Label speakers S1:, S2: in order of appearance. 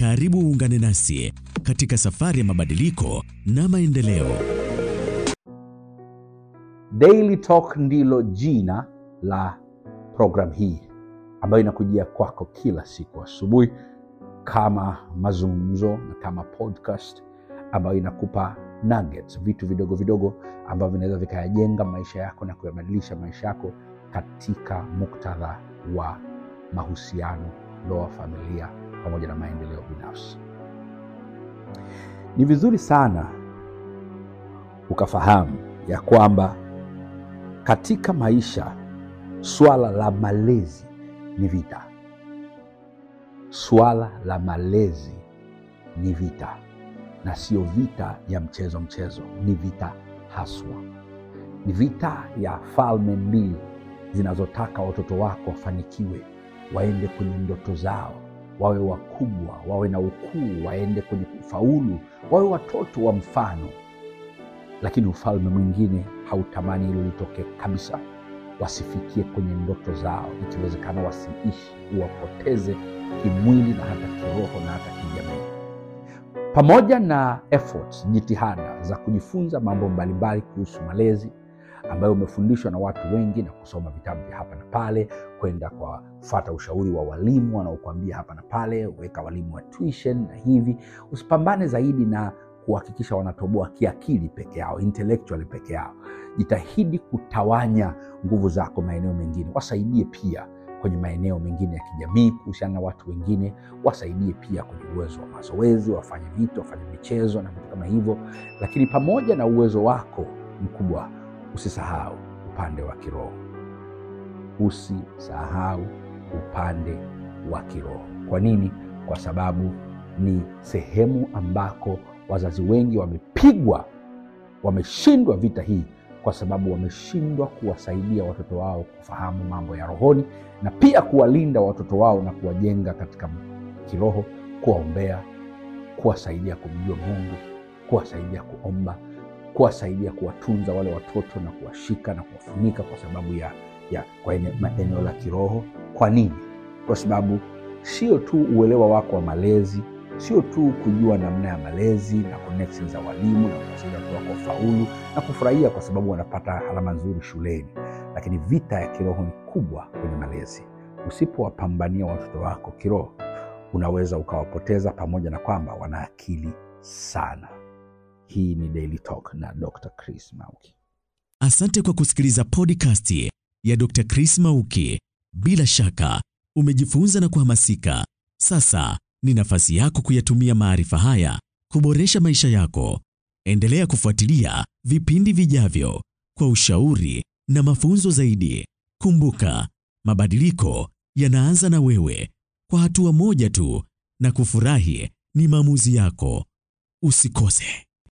S1: Karibu uungane nasi katika safari ya mabadiliko na maendeleo.
S2: Daily Talk ndilo jina la programu hii ambayo inakujia kwako kila siku asubuhi kama mazungumzo na kama podcast ambayo inakupa nuggets, vitu vidogo vidogo ambavyo vinaweza vikayajenga maisha yako na kuyabadilisha maisha yako katika muktadha wa mahusiano, ndoa, familia pamoja na maendeleo binafsi. Ni vizuri sana ukafahamu ya kwamba katika maisha swala la malezi ni vita. Swala la malezi ni vita, na sio vita ya mchezo mchezo, ni vita haswa, ni vita ya falme mbili zinazotaka watoto wako wafanikiwe, waende kwenye ndoto zao wawe wakubwa, wawe na ukuu, waende kwenye kufaulu, wawe watoto wa mfano. Lakini ufalme mwingine hautamani hilo litokee kabisa, wasifikie kwenye ndoto zao, ikiwezekana wasiishi, uwapoteze kimwili na hata kiroho na hata kijamii. Pamoja na efforts, jitihada za kujifunza mambo mbalimbali kuhusu malezi ambayo umefundishwa na watu wengi na kusoma vitabu vya hapa na pale, kwenda kwa kufata ushauri wa walimu wanaokuambia hapa na pale, weka walimu wa tuition na hivi. Usipambane zaidi na kuhakikisha wanatoboa kiakili peke yao, intellectual peke yao. Jitahidi kutawanya nguvu zako maeneo mengine, wasaidie pia kwenye maeneo mengine ya kijamii, kuhusiana na watu wengine, wasaidie pia kwenye uwezo wa mazoezi, wafanye vitu, wafanye michezo na vitu kama hivyo, lakini pamoja na uwezo wako mkubwa Usisahau upande wa kiroho, usisahau upande wa kiroho. Kwa nini? Kwa sababu ni sehemu ambako wazazi wengi wamepigwa, wameshindwa vita hii kwa sababu wameshindwa kuwasaidia watoto wao kufahamu mambo ya rohoni na pia kuwalinda watoto wao na kuwajenga katika kiroho, kuwaombea, kuwasaidia kumjua Mungu, kuwasaidia kuomba kuwasaidia kuwatunza wale watoto na kuwashika na kuwafunika kwa sababu ya, ya kwa eneo la kiroho. Kwa nini? Kwa sababu sio tu uelewa wako wa malezi, sio tu kujua namna ya malezi na connections za walimu na kuwasaidia watoto wako faulu na kufurahia kwa sababu wanapata alama nzuri shuleni, lakini vita ya kiroho ni kubwa kwenye malezi. Usipowapambania watoto wako kiroho, unaweza ukawapoteza, pamoja na kwamba wana akili sana. Hii ni Daily Talk na Dr. Chris Mauki.
S1: Asante kwa kusikiliza podcast ya Dr. Chris Mauki. Bila shaka umejifunza na kuhamasika. Sasa ni nafasi yako kuyatumia maarifa haya kuboresha maisha yako. Endelea kufuatilia vipindi vijavyo kwa ushauri na mafunzo zaidi. Kumbuka, mabadiliko yanaanza na wewe, kwa hatua moja tu, na kufurahi ni maamuzi yako. Usikose.